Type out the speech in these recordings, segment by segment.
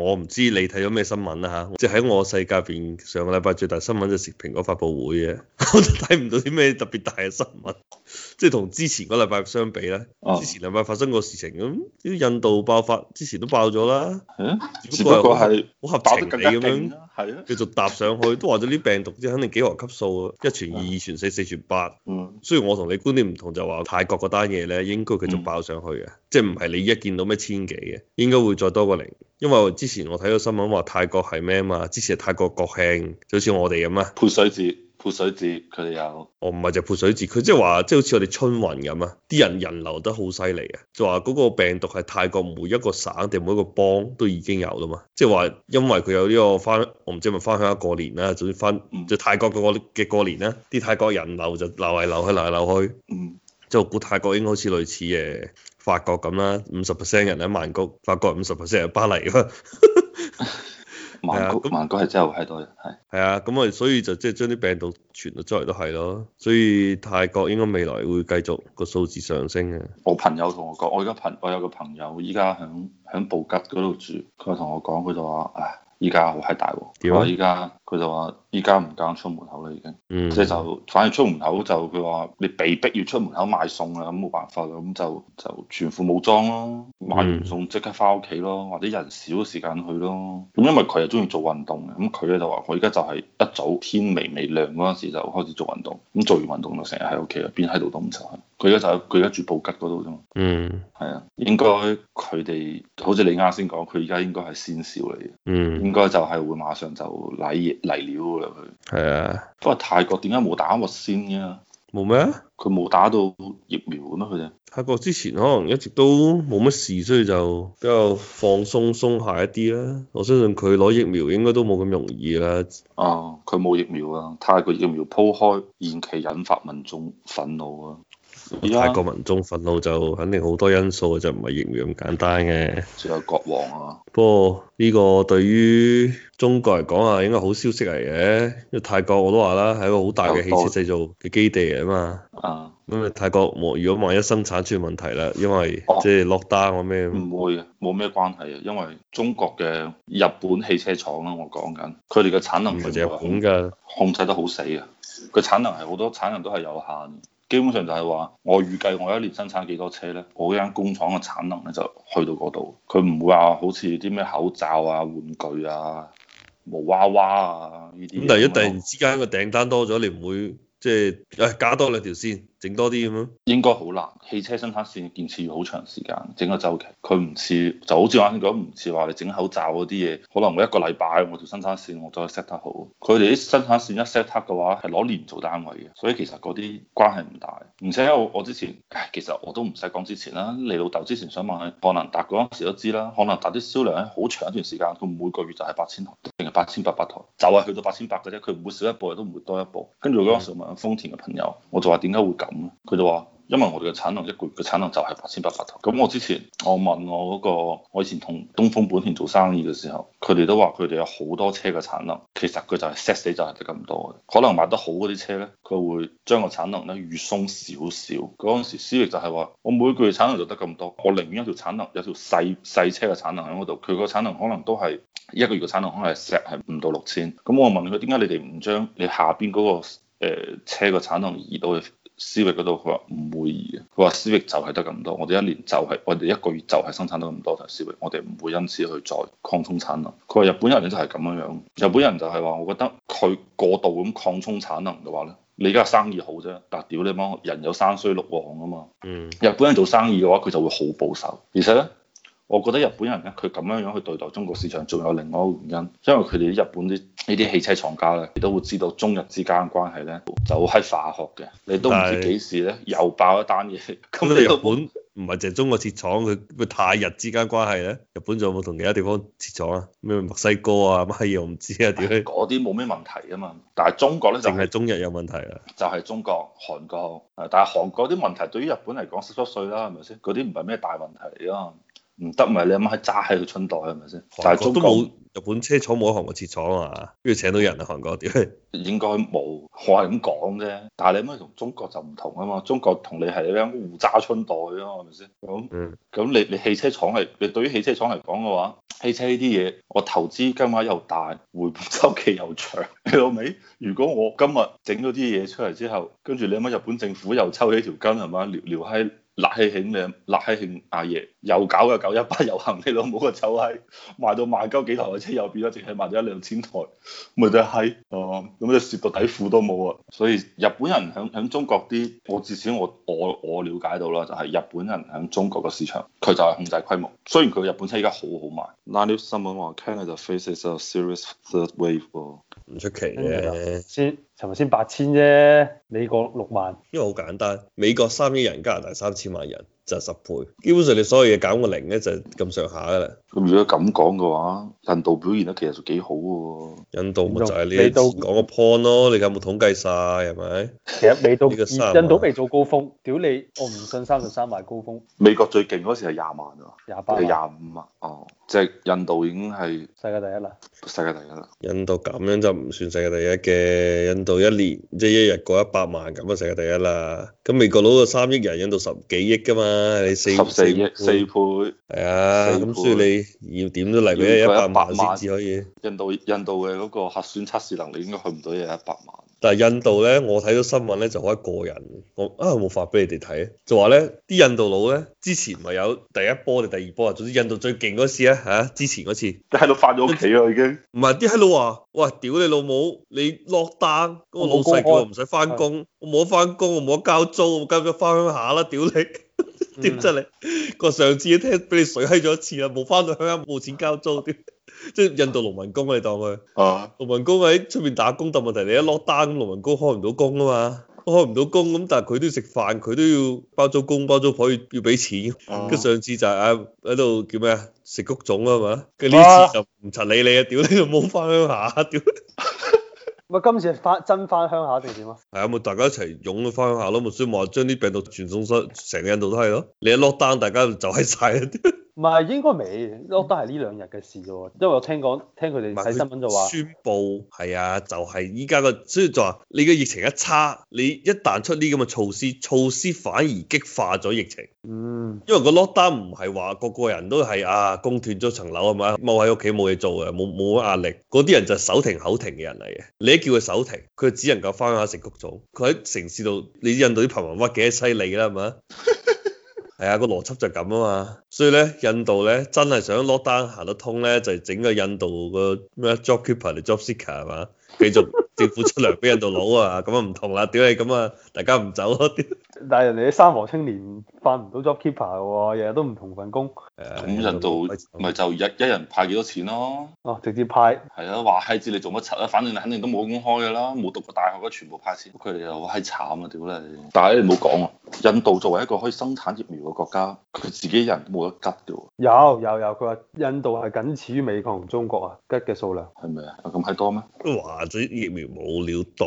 我唔知你睇咗咩新聞啦吓，即、啊、喺、就是、我世界邊上個禮拜最大新聞就係蘋果發布會嘅，我都睇唔到啲咩特別大嘅新聞，即係同之前個禮拜相比啦。之前禮拜發生過事情咁，印度爆發之前都爆咗啦。啊、只不過係好合情理勁啦。係咯，繼續搭上去，都話咗啲病毒啲肯定幾何級數啊，一傳二，二傳四，四傳八。嗯。雖然我同你觀點唔同，就話泰國嗰單嘢咧，應該繼續爆上去嘅，嗯、即係唔係你依家見到咩千幾嘅，應該會再多個零。因為之前我睇到新聞話泰國係咩啊嘛，之前係泰國國慶，就好似我哋咁啊。潑水節。潑水節佢哋有，哦，唔係就潑水節，佢即係話，即係好似我哋春運咁啊，啲人人流得好犀利啊，就話嗰個病毒係泰國每一個省定每一個邦都已經有啦嘛，即係話因為佢有呢、這個翻，我唔知係咪翻鄉下過年啦，總之翻就泰國嘅過嘅過年啦，啲泰國人流就流嚟，流去流嚟流去，流去流去 就我估泰國應該好似類似誒法國咁啦，五十 percent 人喺曼谷，法國五十 percent 人，人巴黎。 係啊，咁曼谷係真係好多人，係。係啊，咁、嗯、啊，所以就即係將啲病毒傳到出嚟都係咯。所以泰國應該未來會繼續個數字上升嘅。我朋友同我講，我而家朋我有個朋友依家響響布吉嗰度住，佢同我講，佢就話，唉。依家好閪大喎，依家佢就話依家唔敢出門口啦，已經，嗯，即係就反而出門口就佢話你被逼要出門口買餸啊，咁冇辦法啦，咁就就全副武裝咯，買完餸即刻翻屋企咯，或者人少時間去咯，咁因為佢又中意做運動嘅，咁佢咧就話我而家就係一早天微微亮嗰陣時就開始做運動，咁做完運動就成日喺屋企入邊喺度都唔出。佢而家就佢而家住布吉嗰度咯，嗯，係啊，應該佢哋好似你啱先講，佢而家應該係先兆嚟嘅，嗯，應該就係會馬上就嚟料喇，佢係啊。不過泰國點解冇打過先嘅？冇咩？佢冇打到疫苗咁啊？佢哋泰國之前可能一直都冇乜事，所以就比較放鬆鬆一下一啲啦。我相信佢攞疫苗應該都冇咁容易啦。啊，佢冇疫苗啊！泰國疫苗鋪開，延期引發民眾憤怒啊！泰國民眾憤怒，就肯定好多因素，就唔係疫苗咁簡單嘅。仲有國王啊。不過呢個對於中國嚟講啊，應該好消息嚟嘅。因為泰國我都話啦，係一個好大嘅汽車製造嘅基地啊嘛。啊。咁啊，泰國如果萬一生產出問題啦，因為即係落單或咩？唔會，冇咩關係啊。因為中國嘅日本汽車廠啊，我講緊，佢哋嘅產能唔係日本嘅控制得好死啊。佢產能係好多，產能都係有限。基本上就係話，我預計我一年生產幾多車咧？我間工廠嘅產能咧就去到嗰度。佢唔會話好似啲咩口罩啊、玩具啊、毛娃娃啊呢啲。咁但係一突然之間，個訂單多咗，你唔會即係誒加多兩條線。整多啲咁咯，應該好難。汽車生產線建設要好長時間，整個周期，佢唔似，就好似我啱講，唔似話你整口罩嗰啲嘢，可能我一個禮拜我條生產線我再 set 得好。佢哋啲生產線一 set 得嘅話係攞年做單位嘅，所以其實嗰啲關係唔大。而且我之前，其實我都唔使講之前啦，你老豆之前想問佢，漢蘭達嗰陣時都知啦。漢蘭達啲銷量咧，好長一段時間佢每個月就係八千台定係八千八百台，就係去到八千八嘅啫，佢唔會少一步亦都唔會多一步。跟住嗰陣時問豐田嘅朋友，我就話點解會咁？佢就話：因為我哋嘅產能一個月嘅產能就係八千八百台。咁我之前我問我嗰、那個，我以前同東風本田做生意嘅時候，佢哋都話佢哋有好多車嘅產能，其實佢就係 set 死就係得咁多嘅。可能賣得好嗰啲車咧，佢會將個產能咧預鬆少少。嗰陣時思域就係話：我每個月產能就得咁多，我寧願一條產能有條細細車嘅產能喺嗰度，佢個產能可能都係一個月嘅產能可能係 set 係五到六千。咁我問佢點解你哋唔將你下邊嗰、那個誒、呃、車嘅產能移到去？思域嗰度，佢話唔會嘅。佢話思域就係得咁多，我哋一年就係，我哋一個月就係生產得咁多台思域，我哋唔會因此去再擴充產能。佢話日本人就係咁樣樣，日本人就係話，我覺得佢過度咁擴充產能嘅話咧，你而家生意好啫，但屌你媽，人有三衰六旺啊嘛。嗯，日本人做生意嘅話，佢就會好保守，而且咧。我覺得日本人咧，佢咁樣樣去對待中國市場，仲有另外一個原因，因為佢哋啲日本啲呢啲汽車廠家咧，亦都會知道中日之間嘅關係咧就喺化學嘅，你都唔知幾時咧是又爆一單嘢。咁是你日本唔係淨係中國設廠，佢太日之間關係咧，日本仲有冇同其他地方設廠啊？咩墨西哥啊，乜嘢我唔知啊。嗰啲冇咩問題啊嘛，但係中國咧就淨係中日有問題啊，就係中國、韓國啊，但係韓國啲問題對於日本嚟講濕濕碎啦，係咪先？嗰啲唔係咩大問題啊。唔得咪，你諗下揸喺個春袋係咪先？是是哦、但係都冇。日本車廠冇喺韓國設廠啊嘛，跟住請到人啊韓國屌，應該冇，我係咁講啫。但係你諗下，同中國就唔同啊嘛。中國同你係咧互揸春袋咯，係咪先？咁咁你你汽車廠係你對於汽車廠嚟講嘅話，汽車呢啲嘢我投資金額又大，回本周期又長，你老味。如果我今日整咗啲嘢出嚟之後，跟住你諗下日本政府又抽起條筋係嘛，撩撩閪，辣閪興咩啊？辣閪興阿爺又搞個九一八遊行，你老母個臭閪賣到萬鳩幾台車又變咗，淨係賣咗一兩千台，咪、啊、就係閪咁你蝕到底褲都冇啊！所以日本人響響中國啲，我至少我我我瞭解到啦，就係、是、日本人響中國嘅市場，佢就係控制規模。雖然佢個日本車而家好好賣，嗱新聞話，Canada 就 faces a serious third wave 喎，唔出奇嘅。先，尋日先八千啫，美國六萬。因為好簡單，美國三億人，加拿大三千萬人。就十倍，基本上你所有嘢減個零咧就咁上下噶啦。咁如果咁講嘅話，印度表現得其實幾好喎。印度咪就係呢？你到講個 point 咯，你有冇統計晒？係咪？其實未到。個 30, 印度未做高峰，屌你，我唔信三十三萬高峰。美國最勁嗰時係廿萬喎，廿八、廿五萬。哦，即係、嗯就係、印度已經係世界第一啦。世界第一啦。印度咁樣就唔算世界第一嘅。印度一年即係一日過一百萬咁啊，就世界第一啦。咁美國攞個三億人，印度十幾億㗎嘛。啊！你四十四億四倍，係啊，咁所以你要點都嚟俾一百萬先至可以。印度印度嘅嗰個核酸測試能力應該去唔到一百萬。但係印度咧，我睇到新聞咧就好過癮，我啊冇發俾你哋睇，就話咧啲印度佬咧之前咪有第一波定第二波啊？總之印度最勁嗰次啊，嚇，之前嗰次，啲喺度翻咗屋企啊已經。唔係啲喺佬話，喂，屌你老母！你落單，我、嗰個、老細叫我唔使翻工，我冇得翻工，我冇得交租，我急咗翻鄉下啦！屌你。屌你。點真你個上次聽俾你水閪咗一次啊！冇翻到鄉下冇錢交租，啲 即係印度農民工嚟當佢啊！農民工喺出邊打工, down, 工,工,工，但問題你一落單，農民工開唔到工啊嘛，開唔到工咁，但係佢都要食飯，佢都要包租公包租婆要要俾錢。佢、啊、上次就喺喺度叫咩啊？食谷種啊嘛。跟呢次就唔柒理你啊！屌 你回，冇翻鄉下屌！咪今次翻真翻鄉下定點啊？係啊，咪大家一齊湧去翻鄉下咯，咪所以將啲病毒傳送到成個印度都係咯。你一落單，大家就散晒。 唔係應該未 lockdown 係呢兩日嘅事啫喎。因為我聽講聽佢哋睇新聞就話宣布係啊，就係依家個，所以就話你嘅疫情一差，你一旦出啲咁嘅措施，措施反而激化咗疫情。嗯，因為個 lockdown 唔係話個個人都係啊，供斷咗層樓係嘛，踎喺屋企冇嘢做啊，冇冇乜壓力。嗰啲人就手停口停嘅人嚟嘅，你一叫佢手停，佢只能夠翻鄉下食谷種。佢喺城市度，你知印度啲貧民窟幾犀利啦係嘛？係啊，哎那個邏輯就咁啊嘛，所以咧，印度咧真係想落單行得通咧，就整、係、個印度個咩 jobkeeper 嚟 jobseeker 係嘛。 繼續政府出糧俾印度佬啊，咁啊唔同啦，屌你咁啊，大家唔走咯、啊。但係人哋啲三和青年揾唔到 jobkeeper 喎，日日都唔同份工。咁印度咪就一一人派幾多錢咯、啊？哦，直接派。係啊，話嗨知你做乜柒啊？反正肯定都冇工開嘅啦，冇讀過大學嘅全部派錢，佢哋又好嗨慘啊！屌你。但係你唔好講喎，印度作為一個可以生產疫苗嘅國家，佢自己人都冇得吉嘅喎。有有有，佢話印度係僅次於美國同中國啊，吉嘅數量。係咪啊？有咁閪多咩？嗯，哇！打咗疫苗冇料到，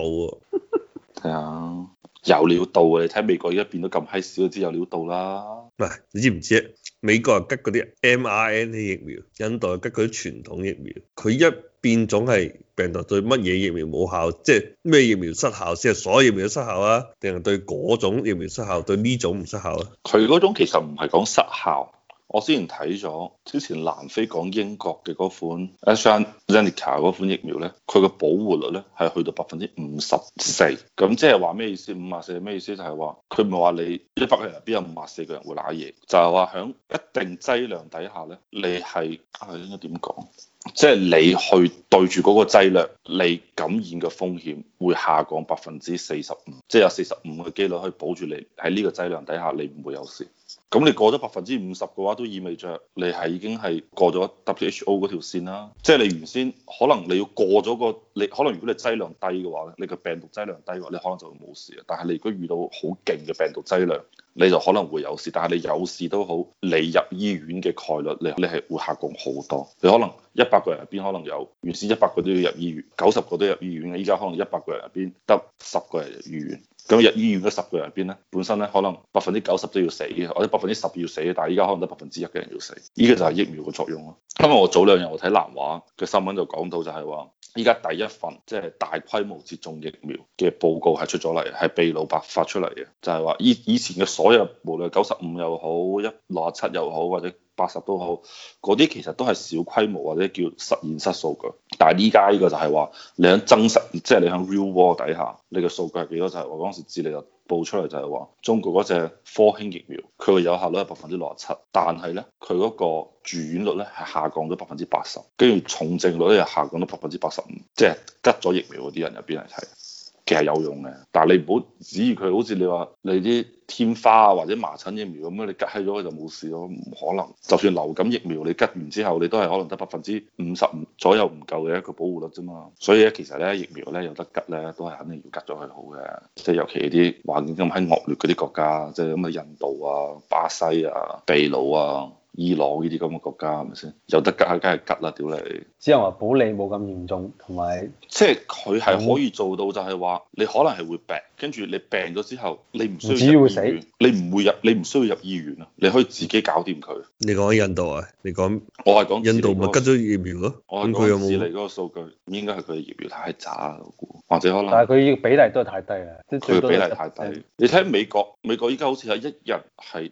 係啊，有料到啊！你睇美國而家變到咁閪少，都知有料到啦。唔係、啊、你知唔知啊？美國啊，吉嗰啲 mRNA 疫苗，印度吉佢啲傳統疫苗，佢一變種係病毒對乜嘢疫苗冇效，即係咩疫苗失效先啊？所有疫苗都失效啊？定係對嗰種疫苗失效，對呢種唔失效啊？佢嗰種其實唔係講失效。我之前睇咗之前南非講英國嘅嗰款 AstraZeneca 嗰款疫苗咧，佢個保護率咧係去到百分之五十四，咁即係話咩意思？五十四咩意思？就係話佢唔係話你一百個人入邊有五十四個人會揦嘢，就係話響一定劑量底下咧，你係係、哎、應該點講？即係你去對住嗰個劑量，你感染嘅風險會下降百分之四十五，即係有四十五嘅機率可以保住你喺呢個劑量底下你唔會有事。咁你過咗百分之五十嘅話，都意味着你係已經係過咗 WHO 嗰條線啦。即係你原先可能你要過咗個，你可能如果你劑量低嘅話，你個病毒劑量低嘅話，你可能就會冇事。但係你如果遇到好勁嘅病毒劑量，你就可能會有事。但係你有事都好，你入醫院嘅概率你你係會下降好多。你可能一百個人入邊可能有原先一百個都要入醫院，九十個都要入醫院嘅，依家可能一百個人入邊得十個人入醫院。咁入醫院嗰十個人入邊咧，本身咧可能百分之九十都要死嘅，或者百分之十要死嘅，但係依家可能得百分之一嘅人要死。呢個就係疫苗嘅作用咯。因為我早兩日我睇南華嘅新聞就講到就係話，依家第一份即係大規模接種疫苗嘅報告係出咗嚟，係秘魯白發出嚟嘅，就係話以以前嘅所有無論九十五又好一六七又好或者，八十都好，嗰啲其實都係小規模或者叫實驗室數據。但係依家呢個就係話，你喺真實，即係你喺 real world 底下，你嘅數據係幾多？就係我嗰陣時智利就報出嚟就係話，中國嗰隻科興疫苗，佢嘅有效率係百分之六十七，但係呢，佢嗰個住院率呢係下降咗百分之八十，跟住重症率咧又下降咗百分之八十五，即係吉咗疫苗嗰啲人入邊嚟睇。其實有用嘅，但係你唔好指意佢，好似你話你啲天花啊或者麻疹疫苗咁樣，你吉起咗佢就冇事咯，唔可能。就算流感疫苗你吉完之後，你都係可能得百分之五十左右唔夠嘅一個保護率啫嘛。所以咧，其實咧疫苗咧有得吉咧，都係肯定要吉咗佢好嘅。即係尤其啲環境咁喺惡劣嗰啲國家，即係咁嘅印度啊、巴西啊、秘魯啊。伊朗呢啲咁嘅國家係咪先？有得㗎，梗係吉啦，屌你！只能話保你冇咁嚴重，同埋即係佢係可以做到，就係話你可能係會病，跟住你病咗之後，你唔需要入醫院，你唔會入，你唔需要入醫院啊，你可以自己搞掂佢。你講印度啊？你講我係講印度咪跟咗疫苗咯、啊？我睇佢有冇？嚟嗰個數據應該係佢嘅疫苗太渣，或者可能。但係佢比例都係太低啦。佢比，比例太低。嗯、你睇美國，美國依家好似係一日係。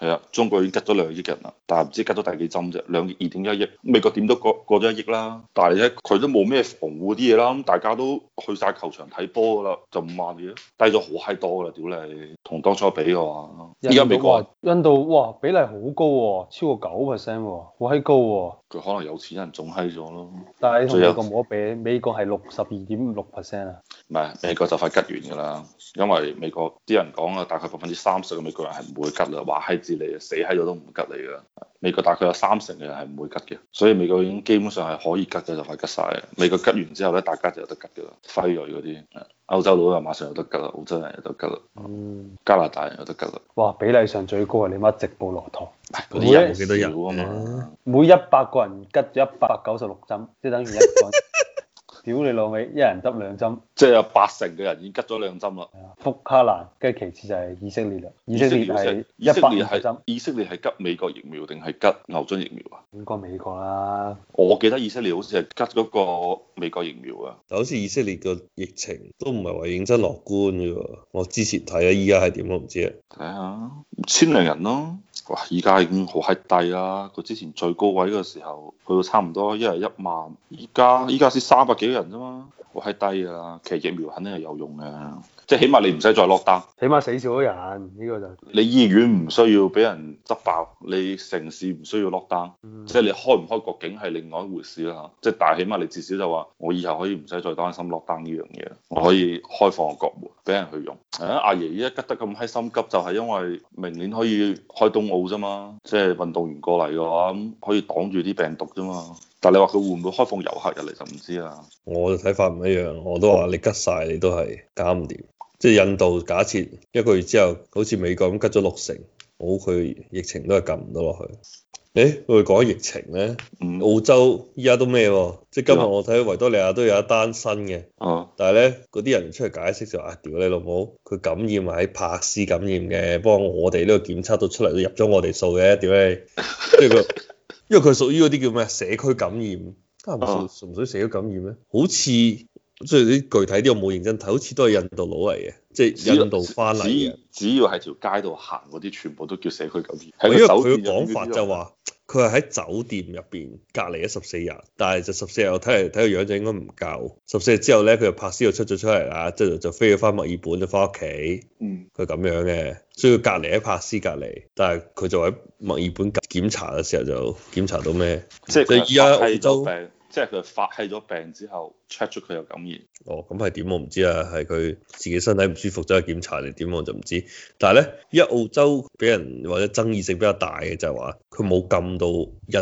係啊，中國已經吉咗兩億人啦，但係唔知吉咗第幾針啫，兩二點一億。美國點都過過咗一億啦，但係咧佢都冇咩防護啲嘢啦，咁大家都去晒球場睇波噶啦，就五萬幾，低咗好閪多噶，屌你，同當初比嘅話，依家美國、印度哇比例好高、哦，超過九 percent，好閪高。佢、哦、可能有錢人仲閪咗咯。但係同個冇得比美國係六十二點六 percent 啊。後唔係美國就快吉完噶啦，因為美國啲人講啊，大概百分之三十嘅美國人係唔會吉啦，話閪住你啊，死喺度都唔會拮你噶。美國大概有三成嘅人係唔會吉嘅，所以美國已經基本上係可以吉嘅就快吉晒。美國吉完之後咧，大家就有得吉嘅啦，輝瑞嗰啲，歐洲佬又馬上有得吉啦，澳洲人有得吉啦，加拿大人有得吉啦、嗯。哇，比例上最高啊！你媽直布羅陀，啲人幾多人啊？嘛，每一百個人吉咗一百九十六針，即係等於一個 屌你老味，一人執兩針，即係有八成嘅人已經拮咗兩針啦。福卡蘭，跟住其次就係以色列啦。以色列係一八係針以。以色列係拮美國疫苗定係拮牛津疫苗啊？應該美國啦。我記得以色列好似係拮嗰個美國疫苗啊。但好似以色列個疫情都唔係話認真樂觀嘅喎。我之前睇啊，依家係點我唔知啊。睇下千零人咯。哇！依家已經好閪低啦，佢之前最高位嘅時候去到差唔多一日一萬，依家依家先三百幾人啫嘛。我喺低啊，其實疫苗肯定係有用嘅，即係起碼你唔使再 lock down，起碼死少咗人，呢、這個就是、你醫院唔需要俾人執爆，你城市唔需要 lock down、嗯，即係你開唔開國境係另外一回事啦，即係但係起碼你至少就話，我以後可以唔使再擔心 lock down 呢樣嘢，我可以開放個國門俾人去用。阿、啊、爺依家急得咁閪心急，就係、是、因為明年可以開冬奧啫嘛，即係運動員過嚟嘅話，咁可以擋住啲病毒啫嘛。但你話佢會唔會開放遊客入嚟，就唔知啦。我嘅睇法唔一樣，我都話你 cut 晒你都係搞唔掂。即係印度假設一個月之後，好似美國咁 cut 咗六成，好，佢疫情都係撳唔到落去。誒、欸，我哋講疫情咧，嗯、澳洲依家都咩？即係今日我睇維多利亞都有一單新嘅。哦、嗯。但係咧，嗰啲人出嚟解釋就話，屌、哎、你老母，佢感染喺帕斯感染嘅，幫我哋呢個檢測都出嚟都入咗我哋數嘅，屌、哎、你！即係佢。 因為佢係屬於嗰啲叫咩社區感染，家下唔純純粹社區感染咩？好似即係啲具體啲，我冇認真睇，好似都係印度佬嚟嘅，即係印度翻嚟嘅，只要喺條街度行嗰啲，全部都叫社區感染。因為佢嘅講法就話、是。佢係喺酒店入邊隔離咗十四日，但係就十四日我睇嚟睇個樣就應該唔夠。十四日之後咧，佢就柏斯就出咗出嚟啦，即係就飛咗翻墨爾本，就翻屋企。嗯，佢咁樣嘅，所以佢隔離喺柏斯隔離，但係佢就喺墨爾本檢查嘅時候就檢查到咩？即係依家澳洲。即係佢發起咗病之後，check 出佢有感染。哦，咁係點我唔知啊，係佢自己身體唔舒服走去檢查你，點我就唔知。但係咧，一澳洲俾人或者爭議性比較大嘅就係話，佢冇禁到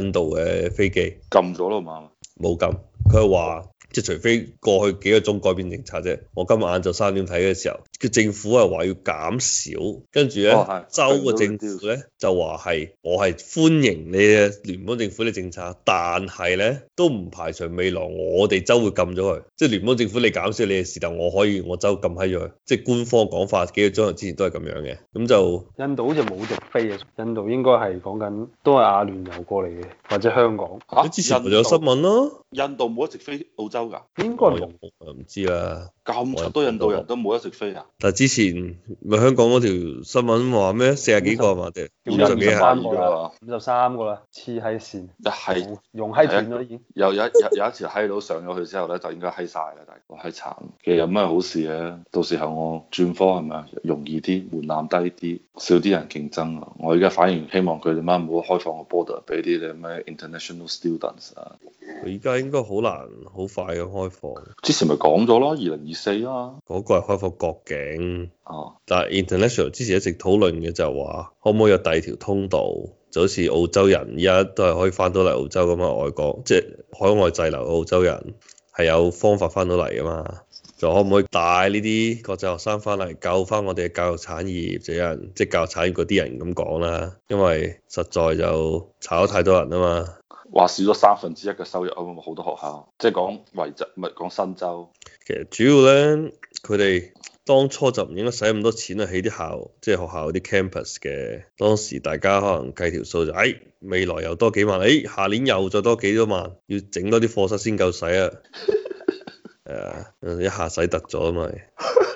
印度嘅飛機，禁咗咯嘛？冇禁。佢係話，即係除非過去幾個鐘改變政策啫。我今日晏晝三點睇嘅時候，嘅政府係話要減少，跟住咧州嘅政府咧就話係我係歡迎你嘅聯邦政府嘅政策，但係咧都唔排除未來我哋州會禁咗佢。即係聯邦政府你減少，你嘅是但，我可以我州禁喺咗佢。即係官方講法幾個鐘頭之前都係咁樣嘅，咁就印度好似冇直飛啊。印度應該係講緊都係阿聯酋過嚟嘅，或者香港。啊、之前咪有新聞咯、啊。印度。我一直飛澳洲㗎，應該唔唔知啦。咁多印度人都冇得食飛啊！嗱，之前咪香港嗰條新聞話咩？四十幾個係嘛？即係五十三個啦，五十三個啦，黐閪線，係融閪斷啦已經有有，有，有，有，有一有次閪佬上咗去之後咧，就應該閪晒啦，大個閪慘。其實有咩好事咧？到時候我轉科係咪容易啲，門檻低啲，少啲人競爭啊？我而家反而希望佢哋唔好開放個 border 俾啲咩 international students 啊？而家應該好難好快嘅開放。之前咪講咗咯，二零二。死啊！嗰個係開放國境哦，但係 international 之前一直討論嘅就係話，可唔可以有第二條通道？就好似澳洲人而家都係可以翻到嚟澳洲咁啊，外國即係、就是、海外滯留澳洲人係有方法翻到嚟啊嘛，就可唔可以帶呢啲國際學生翻嚟救翻我哋嘅教育產業？就有人即係、就是、教育產業嗰啲人咁講啦，因為實在就炒咗太多人啊嘛。話少咗三分之一嘅收入啊，好多學校，即係講維持，唔係講新州。其實主要咧，佢哋當初就唔應該使咁多錢啊，起啲校，即、就、係、是、學校嗰啲 campus 嘅。當時大家可能計條數就，誒、哎，未來又多幾萬，誒、哎，下年又再多幾多萬，要整多啲課室先夠使啊，係、 yeah, 一下使突咗啊嘛。